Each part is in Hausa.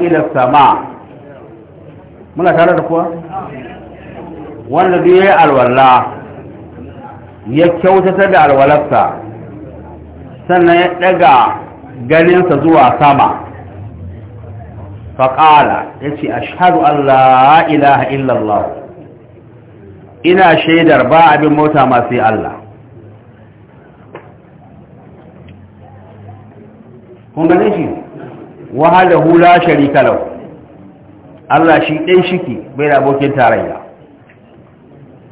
ila sama muna tare da kuwa wanda duk yi alwala ya kyautatar da alwalarsa sannan ya daga ganinsa zuwa sama faƙala ya ce ashadu Allah ilaha illallah ina shaidar ba abin mota masu yi Allah kun gane shi wahdahu la sharika lahu Allah shi dai shike bai da abokin tarayya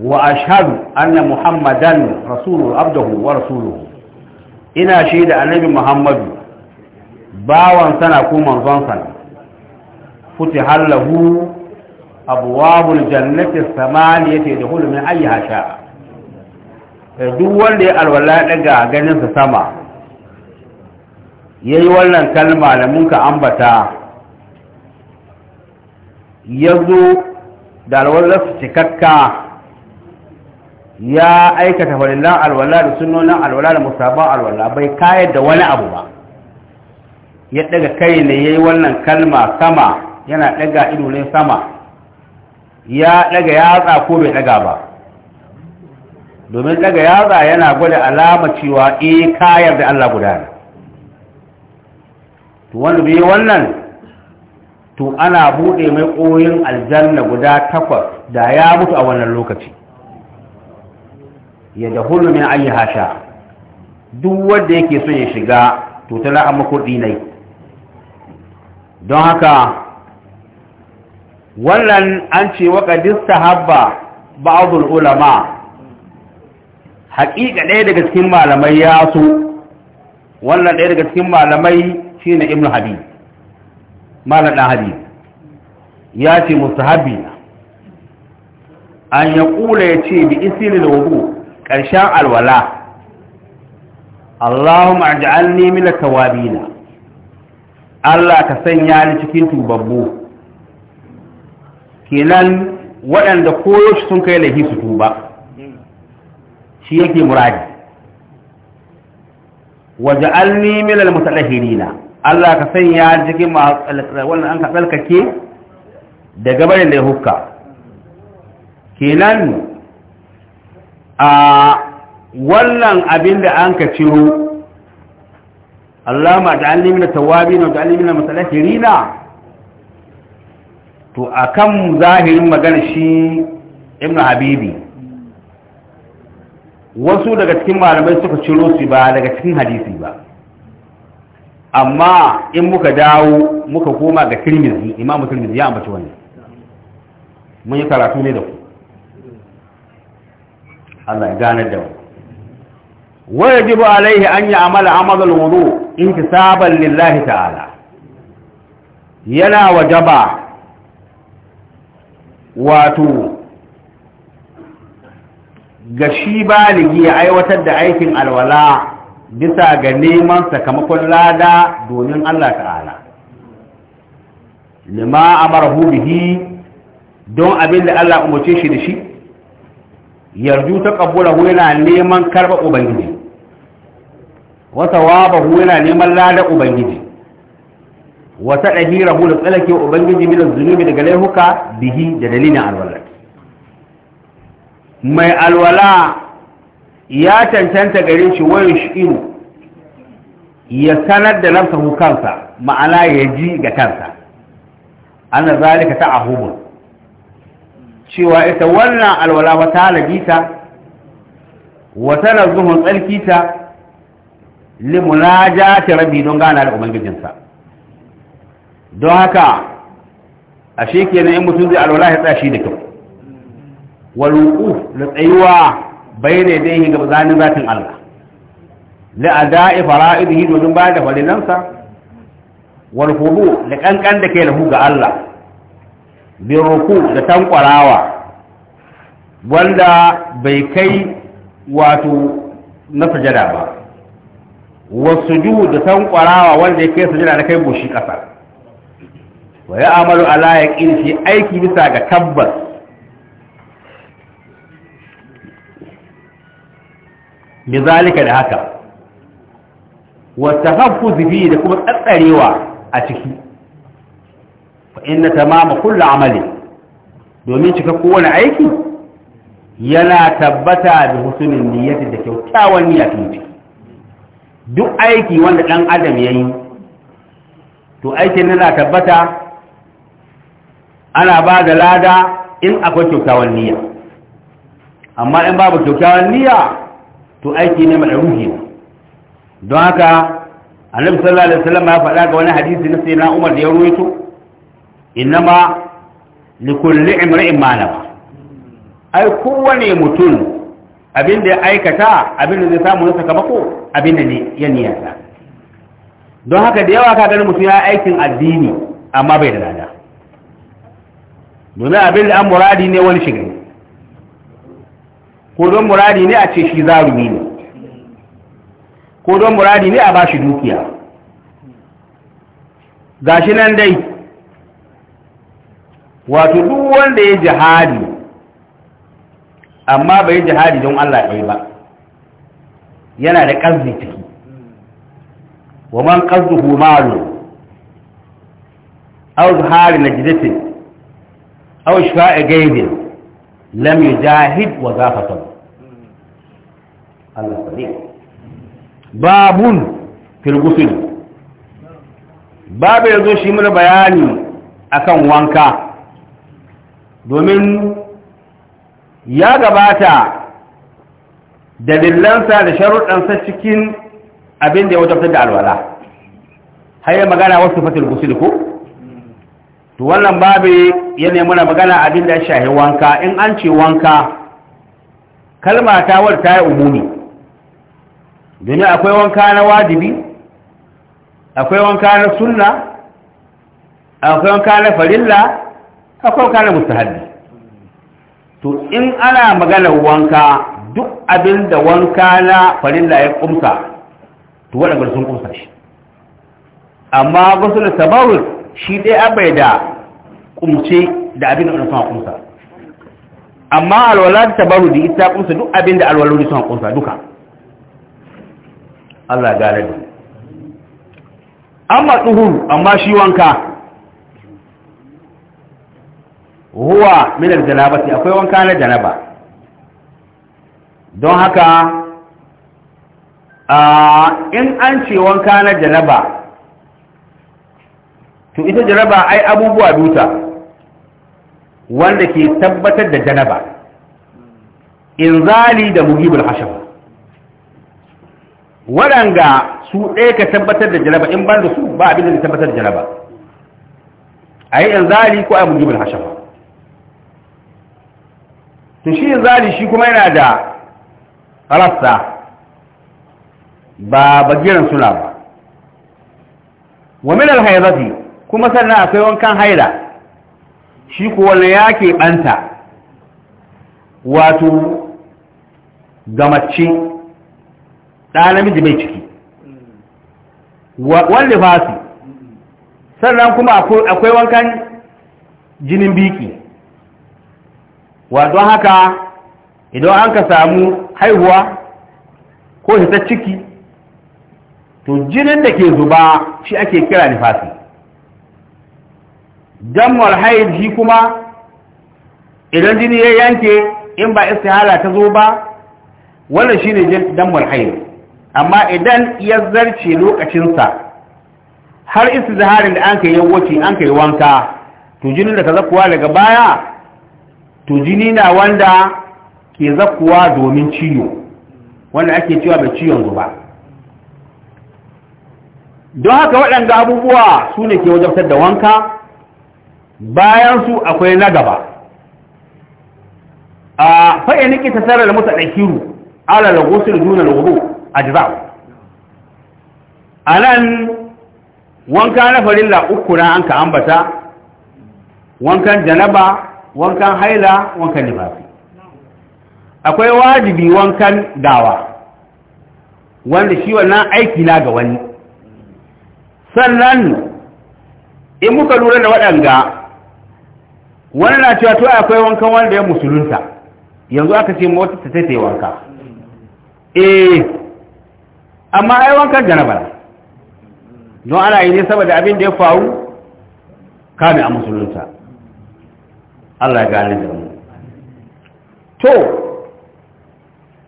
wa ashhadu anna muhammadan rasulun abduhu wa rasuluhu ina shaida annabi muhammadu bawan sana ko manzon sana futihal lahu abwabul jannati samaniyati yadkhulu min ayyiha sha'a eh, duk wanda ya alwala daga ganin sa sama ya yi wannan kalma da muka ambata ya zo da alwalarsu cikakka ya aikata farillan alwala da sunonin alwallar da musaban alwallar bai kayar da wani abu ba ya daga kai ne ya yi wannan kalma sama yana daga ne sama ya daga yatsa ko bai daga ba domin daga yatsa yana gwada alama cewa e eh, kayar da Allah guda gudana to wanda bai wannan to ana bude mai koyin aljanna guda takwas da ya mutu a wannan lokaci ya da hullu min ayi hasha duk wanda yake so ya shiga to tana amma kuɗi ne don haka wannan an ce waka distahabba ba'dul ulama haƙiƙa ɗaya daga cikin malamai ya so wannan ɗaya daga cikin malamai ne ibn habib malam dan habib ya ce mustahabi na an ya kula ya ce bi isilil wudu ƙarshen alwala Allahumma aj'alni min at-tawabin Allah ka sanya ni cikin tubabbu kenan waɗanda koyo sun kai lahi su tuba shi yake muradi waj'alni min al-mutatahhirina Allah ka sanya cikin wannan an ka tsalkake da gabarin da ya hukka kenan a wannan abin da an ka ciro Allah ma ta'alli mina tawabi na ta'alli mina masalakirina to a kan zahirin magana shi ibn habibi wasu daga cikin malamai suka ciro su ba daga cikin hadisi ba amma in muka dawo muka koma ga tirmizi imamu tirmizi ya ambaci wani mun yi karatu ne da ku Allah ya ganar da mu wajibu alaihi an yi amala amalul wudu intisaban lillahi ta'ala yana wajaba wato ga shi baligi ya aiwatar da aikin alwala bisa ga neman sakamakon lada domin Allah ta'ala lima amarahu bihi don abin da Allah umarce shi da shi yarju ta kabbula yana neman karba ubangiji wa hu yana neman lada ubangiji wa tadhirahu da tsalake ubangiji min zunubi daga laihuka bihi da dalilin alwala mai alwala ya cancanta gare shi wayo ya sanar da nafsahu kansa ma'ana ya ji ga kansa ana zalika ta ahubun cewa ita wannan alwala ba ta wata na zuhun tsarkita limunaja ta rabi don gana da ubangijinsa don haka a shekenan in mutum zai alwala ya tsashi da kyau waluku da tsayuwa bai da dai ga zanin zatin Allah la ada'i fara'idihi domin bayar da farinansa wal hudu da kankan da ke lahu ga Allah bi ruku da tankwarawa wanda bai kai wato na sujada ba wasu sujud da tankwarawa wanda ya kai sujada na kai goshi ƙasa wa ya amalu ala ya shi aiki bisa ga tabbas Mizalika da haka wa tahaffuz bi da kuma tsatsarewa a ciki fa inna tamama kulli amali domin cika kowane aiki yana tabbata da husnul niyyati da kyakkyawan niyya duk aiki wanda dan adam yayi to aikin yana tabbata ana ba da lada in akwai kyakkyawan niyya amma in babu kyakkyawan niyya to aiki ne ma'ruhi ne don haka annabi sallallahu alaihi wasallam ya faɗa ga wani hadisi na sayyidina Umar da ya ruwaito innama likulli imri'in ma nawa ai kowane mutum abin da ya aikata abin da zai samu na sakamako abin da ya niyata don haka da yawa ka ganin mutum ya aikin addini amma bai da lada domin abin da an muradi ne wani shiga ko don muradi ne a ce shi zarumi ne ko don muradi ne a ba shi dukiya ga shi nan dai wato duk wanda ya jihadi amma bai jihadi don Allah ɗaya ba yana da ƙarfi ciki wa man qazduhu malu aw zahari najdatin aw shafa'a gaibin lam yujahid wa zafatan Allah sadiq babun fil ghusl babu yazo shi mana bayani akan wanka domin ya gabata dalilansa da sharuɗansa cikin abin da ya wajabtar da alwala har yi magana wasu fatil gusul ko to wannan babu yana muna magana abin da shahi wanka in an ce wanka kalma ta warta ya umumi domin akwai wanka na wajibi akwai wanka na sunna akwai wanka na farilla akwai wanka na mustahabi to in ana magana wanka duk abin da wanka na farilla ya kumsa to waɗanda sun kumsa shi amma gusul sabawul shi dai abai da kumce da abin da suna kumsa amma alwala da ita kumsa duk abin da alwaloli suna kumsa duka Allah gane da amma duhuru amma shi wanka huwa min aljanabati akwai wanka na janaba don haka in an ce wanka na janaba to ita janaba ai abubuwa duta wanda ke tabbatar da janaba in zali da muhibul hashafa waɗanga su ɗaya ka tabbatar da janaba in ban da su ba abin da ke tabbatar da janaba a yi in zali ko a muhibul hashafa to shi zali shi kuma yana da rasta. ba bagiran suna ba wa min al kuma sannan akwai wankan haida. shi ko wannan ya ɓanta, wato ga mace ɗa namiji mai ciki wanda fasi sannan kuma akwai wankan jinin biki wato haka idan an ka samu haihuwa ko hitar ciki to jinin da ke zuba shi ake kira nifasi dan haid shi kuma idan jini ya yanke in ba istihara ta zo ba wannan shine dan haid amma idan ya zarce lokacinsa har istiharin da an kai yawoci, an kai wanka to jinin da ka zakuwa daga baya to jini na wanda ke zakuwa domin ciwo wanda ake cewa bai ciwon zuba don haka waɗanda abubuwa su ne ke wajabtar da wanka bayan su akwai na gaba a fa'i niki ta sarar mutu da kiru ala lagosul duna lagobo a jiza'u a nan wanka na farilla uku na an ka ambata wankan janaba wankan haila wankan nifafi akwai wajibi wankan dawa wanda shi wannan aiki na ga wani sannan in muka lura da waɗanga wani na cewa to akwai wankan wanda ya musulunta yanzu aka ce mota ta sai ta yi wanka eh amma ai wankan janaba don ana yi ne saboda abin da ya faru kame a musulunta Allah ya gane da mu to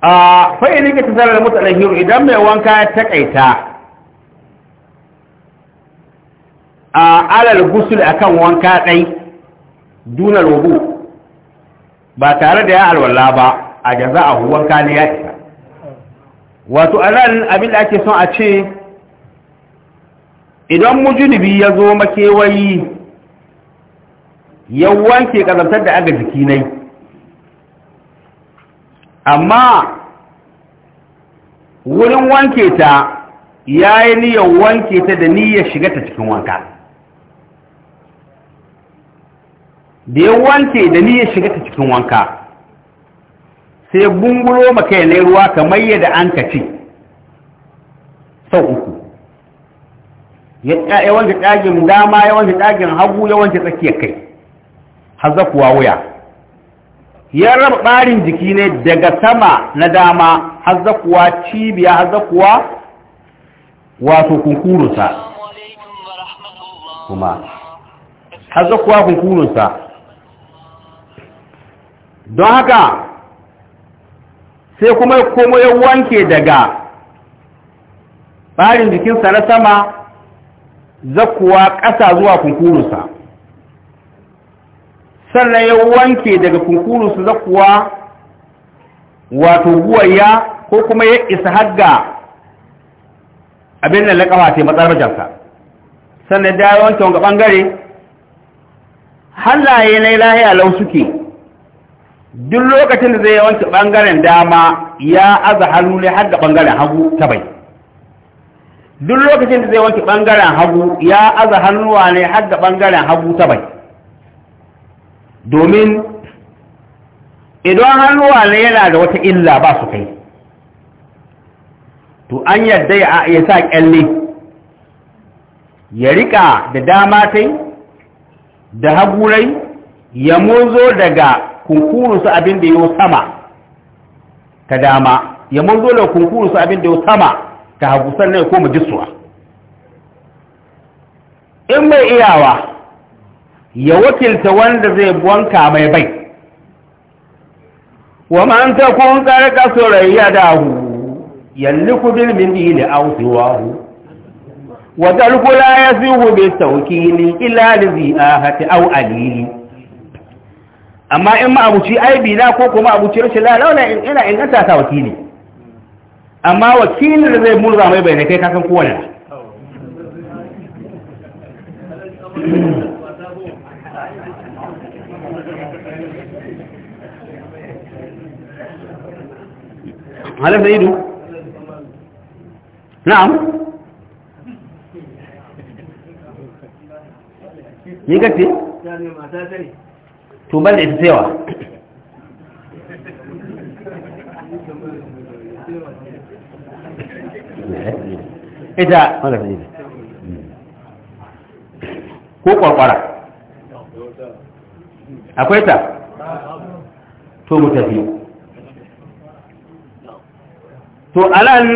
a fa'ilin ka tsara da mutane hiru idan mai wanka ya takaita a alal gusul akan wanka ɗai Duna rubu ba tare da ya alwala ba a jaza a huwan kani ya isa wato a nan abin da ake son a ce idan mujinibi ya zo makewayi ya wanke kazantar da aga jiki nai amma wurin wanke ta ya yi niyyar wanke ta da niyyar shiga ta cikin wanka da ya wanke da niyyar shiga ta cikin wanka sai bungulo maka ya ruwa kamar yadda an ka sau uku ya wanke ɗagin dama ya wanke ɗagin hagu ya wanke tsakiyar kai har kuwa wuya ya raba ɓarin jiki ne daga sama na dama har kuwa cibiya har kuwa wato kunkurunsa kuma har kunkurunsa don haka sai kuma komo ya wanke daga ɓarin jikinsa na sama zakuwa ƙasa zuwa kunkurusa, sannan ya wanke daga kunkurusa zakuwa wato guwaya ko kuma ya isa hagga abin da laƙawa ce jansa sannan da ya wanke wanga ɓangare halaye na lahiya lau suke duk lokacin da zai yawanci bangaren dama ya aza hannu ne har da bangaren hagu ta bai duk lokacin da zai wanke bangaren hagu ya aza hannuwa ne har da bangaren hagu ta bai domin idan hannuwa ne yana da wata illa ba su kai to an yadda ya sa kyalle ya rika da dama tai da hagurai ya mozo daga kunkurun su abin da yau sama ta dama ya mun dole kunkurun su abin da yau sama ta hagu sannan ko mu jisuwa in mai iyawa ya wakilta wanda zai wanka mai bai wa man takun karka surayya dahu ku bil mindili aw Wata wa dalku la yasihu bi tawkili ila lizi ahati aw alili amma in abuci aibi na ko kuma abuci rashin lalauna ina inganta ta wakili amma wakilin da zai murza mai bai kai kasan kowane halin da ido na'am Ni gaske? to ban da ita tsayawa ita wanda ko kwakwara akwai ta to mu tafi to alan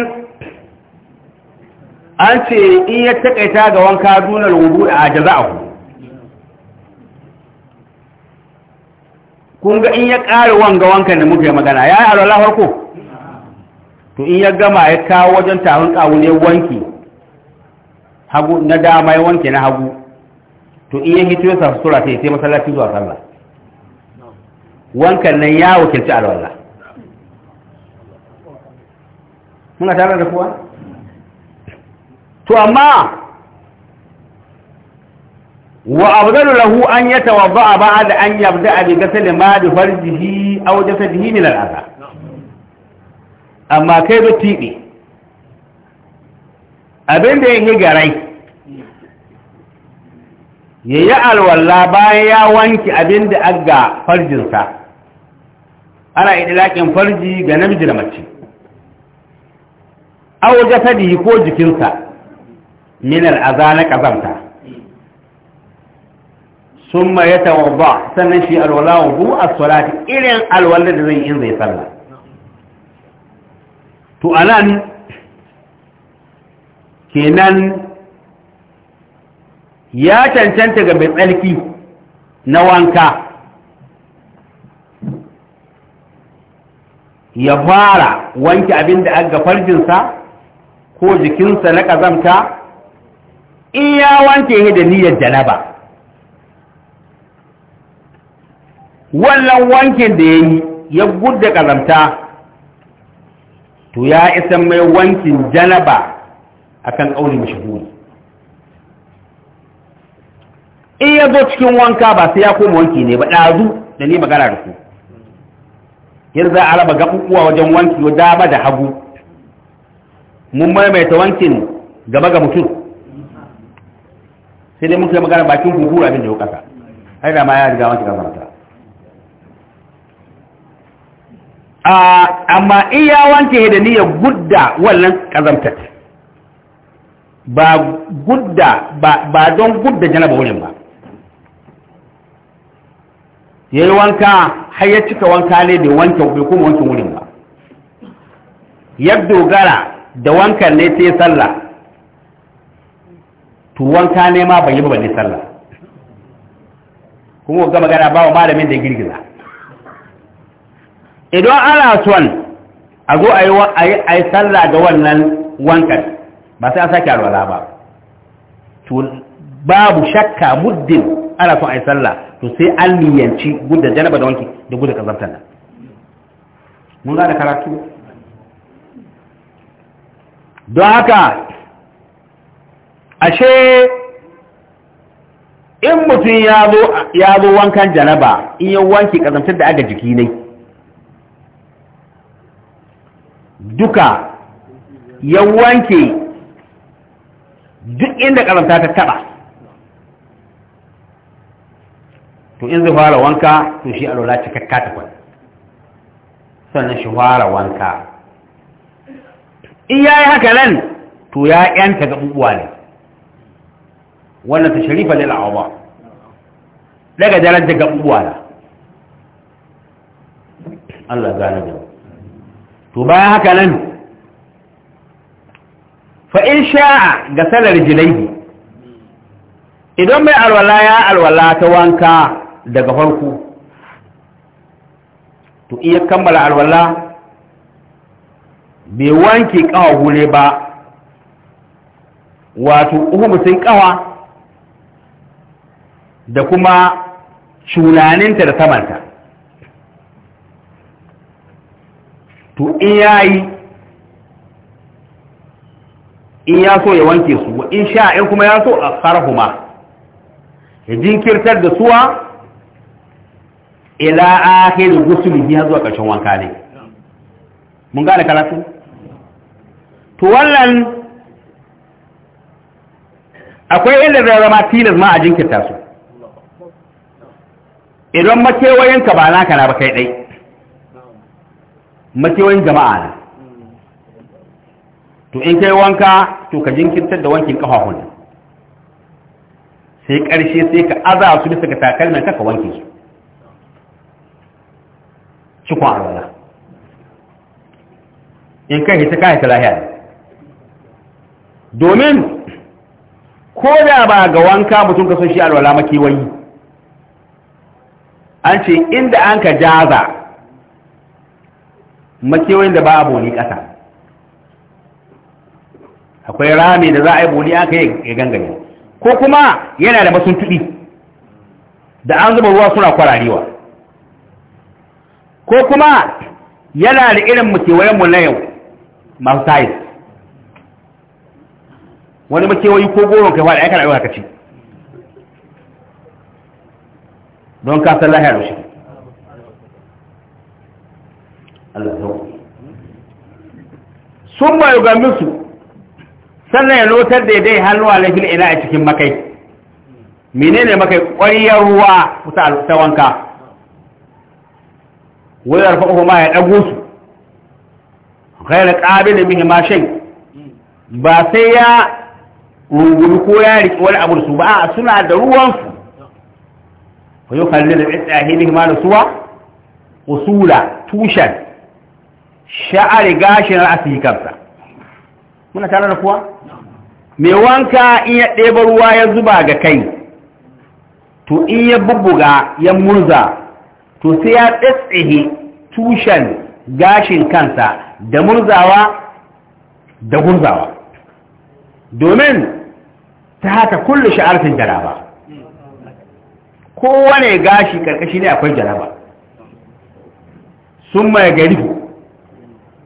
an ce in ya takaita ga wanka dunar wudu a jaza'ahu kun ga in ya ƙare wanga wankan da muka yi magana ya yi alwala harko to in ya gama ya kawo wajen taron ƙawun ya wanki hagu na dama ya wanke na hagu to in ya hito ya sa sura sai sai masallaci zuwa sallah wankan nan ya wakilci alwala muna tare da kuwa to amma wa afdalu lahu an yatawadda ba'da an yabda bi ghasl ma bi farjihi aw jasadihi min al-adha amma kai ba tibi abin da yake garai Ya yi alwala bayan ya wanki abin da aga farjinsa ana idlakin farji ga namiji da mace aw jasadihi ko jikinsa min al-adha na kazanta sun ma ya ba, sannan shi alwala wa hu a salati irin alwala da zai in zai sallah to anan kenan ya cancanta ga mai tsarki na wanka ya fara wanke abin da aga farjinsa ko jikinsa na ƙazamta in ya wanke da niyyar janaba wannan wankin da ya yi ya gudda kazamta to ya isa mai wankin janaba a kan ƙauli mashahuri in ya zo cikin wanka ba sai ya koma wanki ne ba ɗazu da ni magana da ku yadda za a raba gaɓuɓuwa wajen wanki daba da hagu mun maimaita wankin gaba ga mutum sai dai muka yi magana bakin kuku abin da ya ƙasa har da ma ya riga wanki ƙasa amma in ya wanke da niyyar gudda wannan kazamtar ba gudda ba don gudda janaba wurin ba ya yi wanka har ya cika wanka ne bai wanke kuma wankin wurin ba ya dogara da wankan ne sai sallah to wanka ne ma bai yi ba ne sallah kuma ga magana ba wa malamin da girgiza idan ana son a zo a yi sallah ga wannan wankan ba sai an sake alwala ba to babu shakka muddin ana son a yi sallah to sai an liyanci gudda janaba da wanki da gudda kazantar nan mun da karatu don haka ashe in mutum ya zo wankan janaba in yi wanki kazantar da aga jiki ne duka ya wanke duk inda karanta ta taba to in zai fara wanka to shi alwala cikakka ta kwan sannan shi fara wanka in ya yi haka nan to ya yanta ga bubuwa ne wannan ta sharifa lil awa daga daren ta ga bubuwa na Allah gane da to bayan haka nan fa'in sha'a ga salar jilaihi idan mai alwala ya alwala ta wanka daga farko to iya kammala alwala bai wanke kawa hure ba wato uku mutum kawa da kuma cunaninta da samanta to in ya yi, in ya so ya wanke su wa in sha in kuma ya so a farhuma ya jinkirtar da suwa ila akhir ghuslihi har zuwa ƙarshen wanka ne mun gane karatu to wannan akwai inda zai zama tilas ma a jinkirta su idan makewayenka ba naka na ba kai ɗai makewayin jama'a ne to in kai wanka to ka jinkirtar da wankin kafafun sai karshe sai ka aza su bisa ga takalmin ka ka wanke su cikon alwala in kai hita kai ta lahiya domin ko da ba ga wanka mutum ka son shi alwala makewayi an ce inda an ka jaza makewayin da ba a boli ƙasa akwai rami da za a yi boli aka yi gangare ko kuma yana da masuntuɗi da an zuba ruwa suna kwararewa ko kuma yana da irin makewayenmu na yau masu tayis wani makewayi ko goron kai wadda aikana yau haka ce don kasar lahiyar rushe sun mayu ga musu sannan ya lotar da dai hannuwa na lafil ina a cikin makai menene makai ƙwariyar ruwa kusa ta wanka wani alfa'uhu ma ya ɗago su kai da ƙabi da mihi ba sai ya rungumi ko ya riƙe wani abu su ba a suna da ruwansu fa yi kalli da tsaye mihi ma da suwa usula tushen sha'ari gashin ra'asi kansa muna tare da kuwa Me wanka in ya ɗeba ruwa ya zuba ga kai to in ya bubuga ya murza to sai ya tsatsihe tushen gashin kansa da murzawa da gurzawa domin ta haka kullu sha'arfin jaraba kowane gashi karkashi ne akwai jaraba sun mai garihu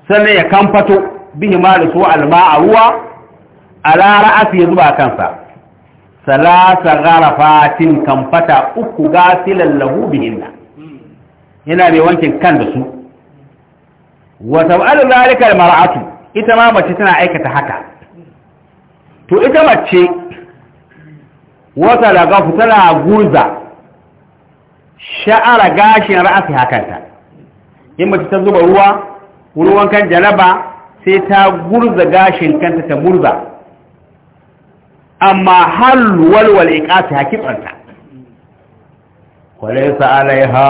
sannan ya kamfato bihi ma da su alma a ruwa a ra'asi ya zuba kansa salasa garafatin kamfata uku gasilan lahu bihinna yana mai wankin kan da su wa tab'alu zalika almar'atu ita ma mace tana aikata haka to ita mace wata lagafu tana gurza sha'ara gashin ra'asi hakanta in mace ta zuba ruwa wurin wankan jaraba sai ta gurza gashin kanta ta murza amma hal walwal iqati hakifanta walaysa alaiha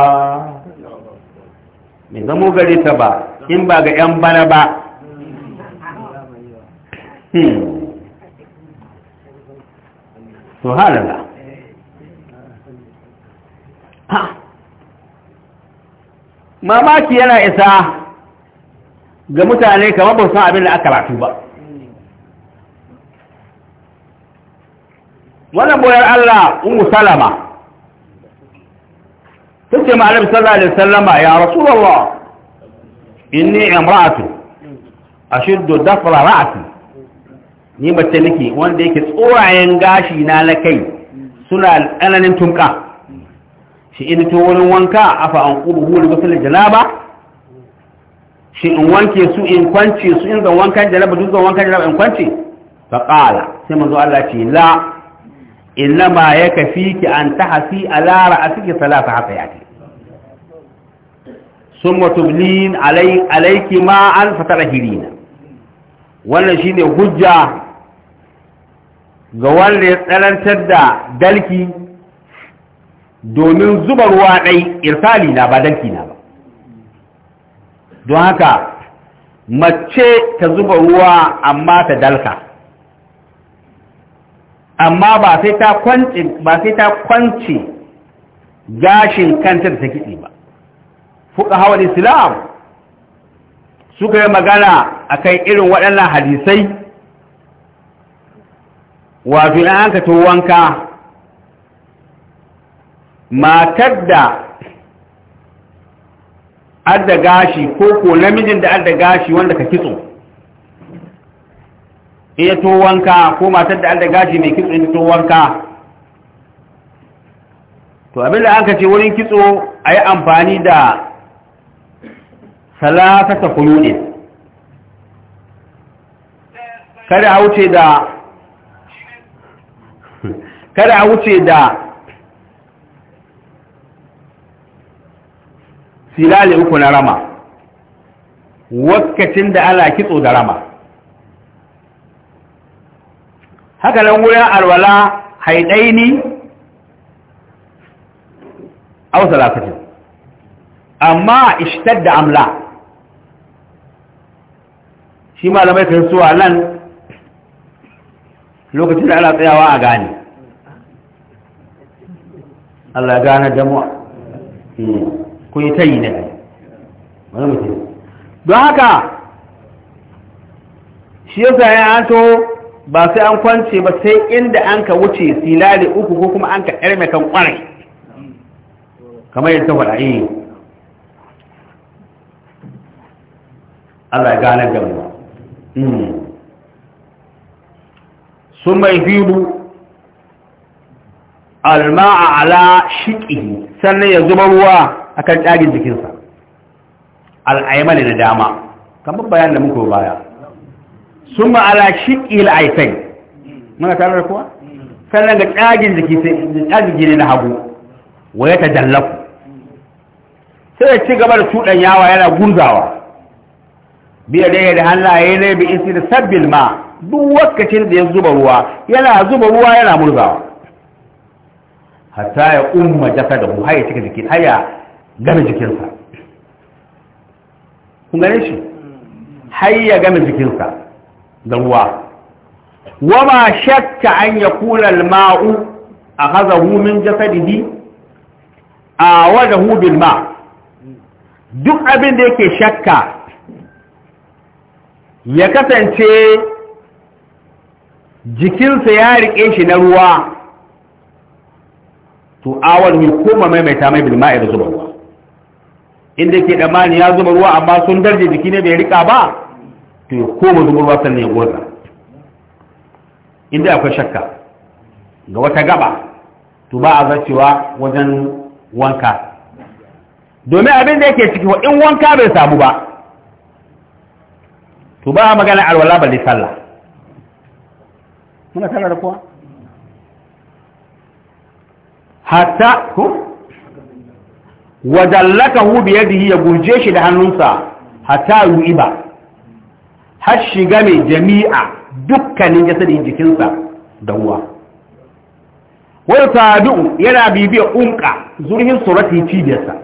mai zamo gari ta ba in ba ga yan bana ba hmm. ha mamaki yana isa ga mutane kamar ba san abin da aka karatu ba wannan boyar Allah umu salama tace ma sallallahu alaihi wasallama ya rasulullah inni imra'atu ashuddu dafra ra'ati ni mace nake wanda yake tsorayen gashi na na kai suna tsananin tunka shi in to wurin wanka afa an qubu hu li ghusl janaba shi in wanke su in kwance su in zan wankan janaba duk zan wankan janaba in kwance fa qala sai manzo Allah ce la innama yakfiki an tahsi ala ra'siki salata hafayati summa tublin alai alayki ma an fatarahirina wannan shine hujja ga wanda ya tsarantar da dalki domin zuba ruwa dai irsali na ba dalki na ba don haka mace ta zuba ruwa amma ta dalka amma ba sai ta kwanci gashin kanta da ta kiɗi ba fuka hawan islam suka yi magana akan irin waɗannan hadisai wato in an ka wanka matar da adda gashi ko ko namijin da adda gashi wanda ka kitso iya to wanka ko matar da adda gashi mai kitso in to wanka to abin da aka ce wurin kitso a yi amfani da ta kuludin kada a wuce da kada a wuce da Filale uku na rama wakacin da ana kitso da rama haka nan wurin alwala haidaini aw salafatin amma da amla shi malamai kan suwa nan lokacin da ana tsayawa a gane Allah gane da ko yi tayi ne wani mutum don haka shi yasa ya to ba sai an kwance ba sai inda an ka wuce silali uku ko kuma an ka ƙarme kan ƙwarai kamar yadda faɗa yi eh. Allah ya gane da mu hmm. sun mai filu alma'a ala shiƙi sannan ya zuba ruwa akan ɗagin jikinsa al'aimani na dama kamar bayan da muka baya sun ma'ala shiƙi al'aifai muna tare da kuwa sannan ga ɗagin jiki ne na hagu waya ta jallaku sai da ci gaba da tuɗan yawa yana gunzawa biya da da hannaye ne bi isi da sabbin ma duk wakacin da ya zuba ruwa yana zuba ruwa yana murzawa hatta ya umma jasa da mu haya cika jikin haya game jikinsa kun gane shi har ya gama jikinsa da ruwa wa ma shakka an ya kula ma'u a hazahu min jasadihi a wada bil ma duk abin da yake shakka ya kasance jikinsa ya riƙe shi na ruwa to awar ne koma maimaita mai bilma'ir da zuba inda ke damani ya zuba ruwa amma sun darje jiki ne bai rika ba to ya koma zuba ruwa sannan ya goza inda akwai shakka ga wata gaba to ba a zacewa wajen wanka domin abin da yake ciki in wanka bai samu ba to ba magana alwala balle sallah muna sallar kuwa hatta ko wa dallakahu bi yadihi ya gurje shi da hannunsa hatta yu'iba har shiga mai jami'a dukkanin jasadin jikinsa da ruwa wani tabi'u yana bibiya unka zurhin surati cibiyarsa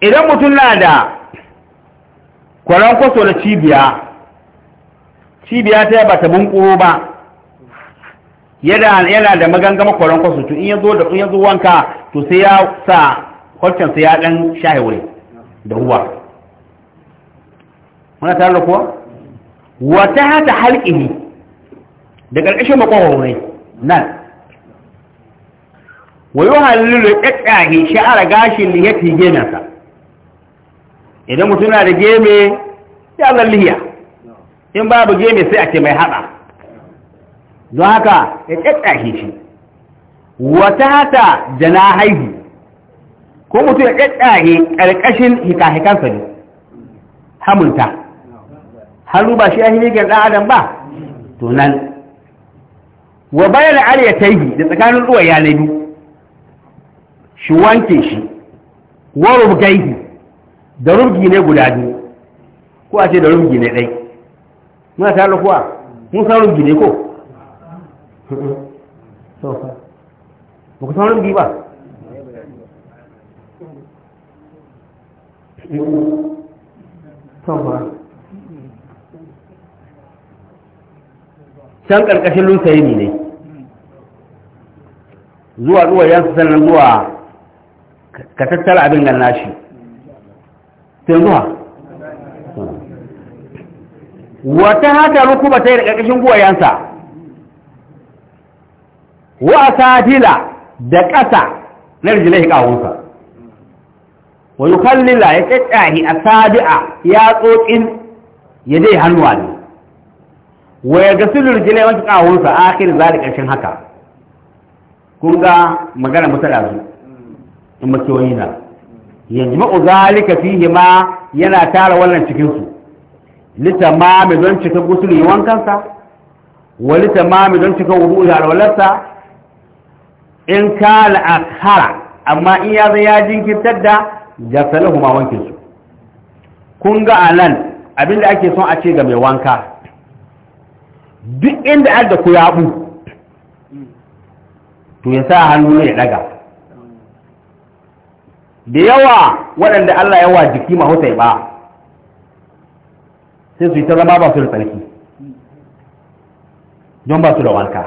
idan mutum na da kwarankwaso na da cibiya cibiya ta ba ta bunkuro ba yana da magangama kwarankwaso, to in yazo in ya wanka to sai ya sa kwalcin su ya dan shahe wuri da ruwa muna da kuwa wata hata da ƙarƙashin nan wayo ƙaƙƙahi sha'ar gashin da ya idan mutum na da ya zalliya in babu geme sai a ce mai haɗa don haka ya ƙaƙƙahi shi wata hata haihu ko mutum ya ƙaƙƙare ƙarƙashin hika-hikansa ne hamunta hannu ba shi ya hini ɗan adam ba to nan wa bayan ariya ta yi da tsakanin ruwa ya biyu shi wanke shi wa rubgaihi da rubgi ne guda biyu ko a ce da rubgi ne ɗai muna ta kuwa mun san rubgi ne ko ba ku san rubgi ba can ƙarƙashin lusaini ne zuwa yansu sannan zuwa ka tattara abin gan nashi sai zuwa wata hata ba ta yi da ƙarƙashin yansa wa sadila da ƙasa na rijilai ƙawunsa wa yukallila ya a asabi'a ya tsokin ya dai hannuwa ne wa ga gasilu rijilai wata kawunsa akhir zalik ƙarshen haka kun ga magana mutala su in makiyoyi na yanzu ma'u zalika fihi ma yana tara wannan cikin su litamami don cika gusuli wankansa wa mai don cika wudu da alwalarsa in a akhara amma in ya zai ya jinkirtar da gasa ma wanke su kun ga anan abinda ake son a ce ga mai wanka duk inda an da kuyabu to ya sa hannu ne ya daga da yawa waɗanda Allah yawa jiki mahusai ba sai su yi ta zama ba su da tsarki don ba su da wanka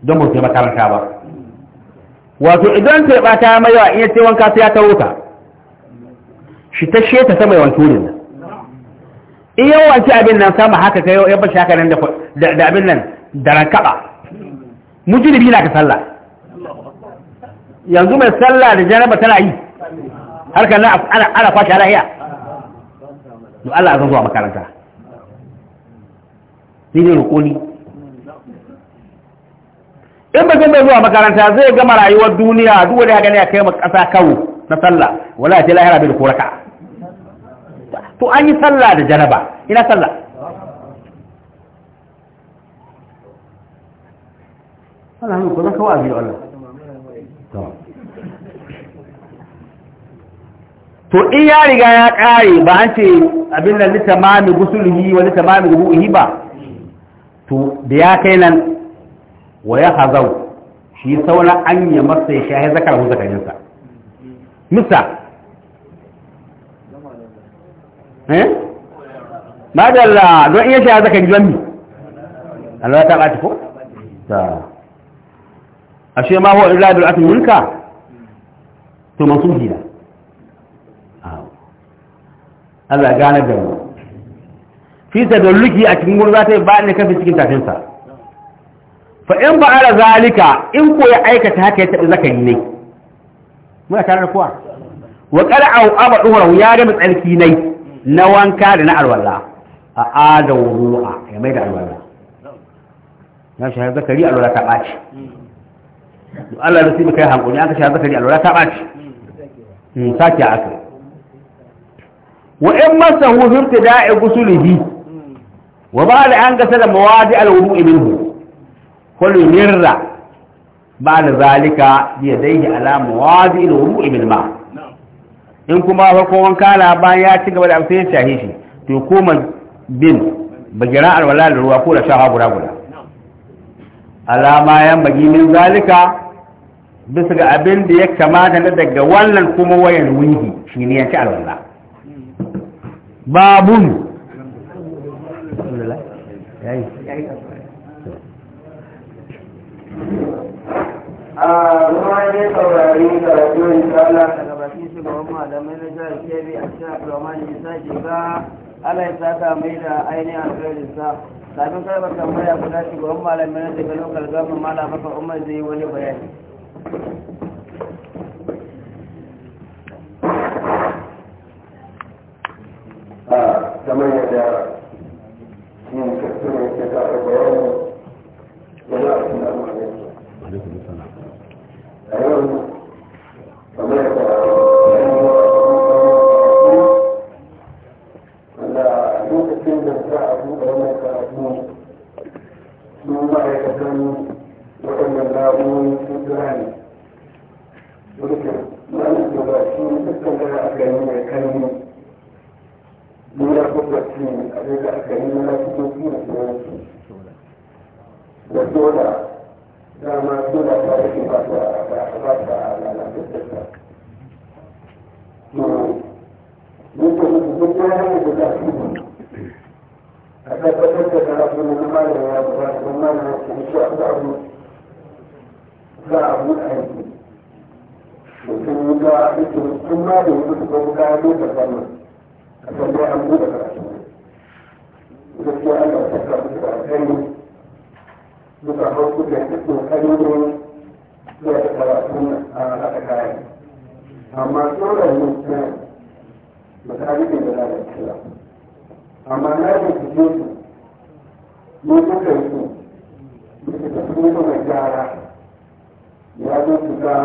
don ba su yi makaranta ba wato idan sai ba ta mai yawa iya ce wanka sai ya taro shi ta sheta ta mai wanturin nan in yau wanci abin nan sama haka kai yau bashi haka nan da abin nan da rakaba biyu na ka sallah yanzu mai sallah da jaraba tana yi har kana ana ana kwashi lahiya to Allah zan zuwa makaranta ni ne rukuni in ba zai zuwa makaranta zai gama rayuwar duniya duk wani ya gani a kai mu kasa kawo na sallah wala ta lahira bai da koraka to an yi sallah da janaba ina sallah Allah ne ko zaka wa'azi da Allah to in ya riga ya kare ba an ce abin da litamami gusulhi wa litamami ruhi ba to da ya kai nan wa ya hazau shi saura an yi masa ya shahe zakar hu zakarinsa misa eh madalla don iya shaya zaka gidan mi Allah ta bata ko ta ashe ma huwa iradul atin mulka to mansuhi da Allah gane da mu fi tadalluki a cikin gurza ta ba ne kafin cikin tafinsa fa in ba ala zalika in ko ya aikata haka ya tabi zakari ne muna tare da kowa wa qala au aba ya ga tsarki nai na wanka da na alwala a ada wuru'a ya mai da alwala ya shahar zakari alwala ta ɓaci Allah da su bi kai hankali aka shahar zakari alwala ta ɓaci hmm, sake aka wa in masa hufin ta da'i gusulihi wa ba da an gasa da mawadi alwuru'i minhu kullu mirra ba da zalika biyadaihi ala mawadi alwuru'i bil ma' in kuma wanka kala bayan ya ci gaba da amsa ya shahe shi to koma bin bagira alwala da ruwa ko da shaha guda guda alama yan bagi min zalika bisa ga abin da ya kamata na daga wannan kuma wayan wihi shi ne ya ci alwala babun a ah, ruwa ne saurari da rajin sallah shugaban malamai na jihar kebbi a cikin abdulrahman isa shiga ala ya sata mai da ainihin alkhairinsa kafin karɓar tambaya guda shugaban malamai na daga lokal gama malamaka umar zai yi wani bayani فتجد لكن ما ما الشيخ بعض بعض متعب وفي المداعي ثم ما يوجد المداعي تفهم فلا أمود لكن أنا أتكلم بأخير بتحرك بحكم خير لا تتراكم على أكاين أما سورة المسلم متعلق بهذا الكلام أما لا يتجوز ne suka yi bisa tafiye mai gyara ya zo fita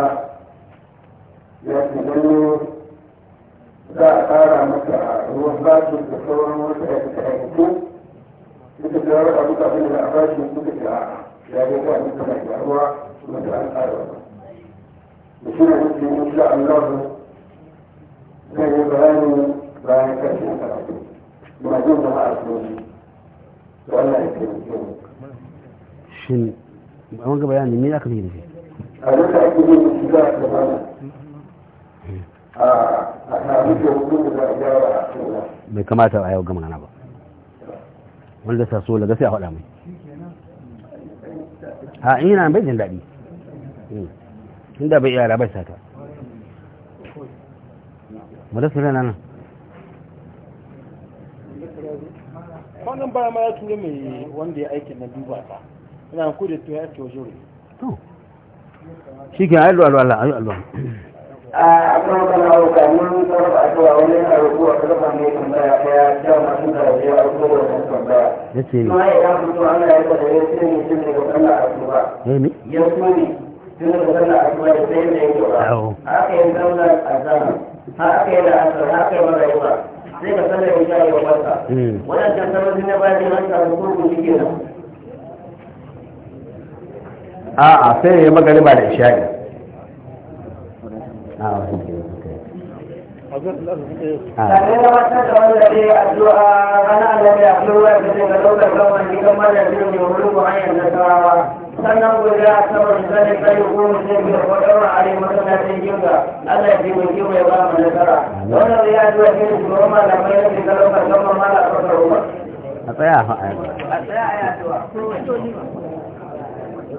ya ce gano za a tsara maka ruwan bakin da sauran wasu aikace-aikace suka ji rawar abu kafin da a bashi suka ji a ya ga ta abin mai gyaruwa kuma ta an tsara ba da shi da muke yi sha Allah zai yi bayani bayan karshen karatu. Muna jin jama'a a cikin shin an ga bayani me aka nufi a yadda ake yin shi za eh. a a tafi da hudu da gyara a cewa bai kamata a yau ga magana ba wanda sa so daga sai a faɗa mai a ina bai jin daɗi inda hmm. bai yara bai sata madasa rana nan kwanan baya ma ya tura mai wanda ya aiki na duba ta ina ku da tuwa ta wajen to shi ke ayi alwala alwala a kuma kana ka mun ko ba to wani abu ko ka ne kun da ya da ma su da ya ko da kun da yace ne mai da mutu Allah ya kada ya ce ne da Allah a tuba eh ne ya kuma ne tun da a tuba da sai ne ya ko haka yin zauna a zama haka yin da asar haka yin da yawa sai ka sanar da ya yi wa barka hmm. wannan tantabar ne ba ne an ka ko ku shi kenan a'a sai ya magariba da isha'i ah, ah. a ke da masu da addu'a ana da ya da da kawai mara da ko sannan a ko a allah ya nasara da ya ke a a tsaya a tsaya a addu'a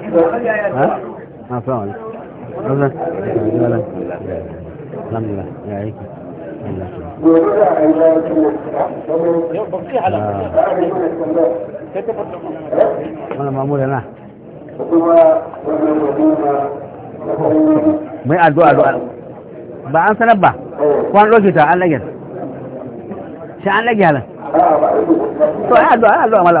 ha fa wala Allah alhamdulillah ya aiki Allah wannan mamula na mai addu'a addu'a ba an sanar ba kwan roke ta an lagin shi an lagin halin to ai addu'a addu'a mala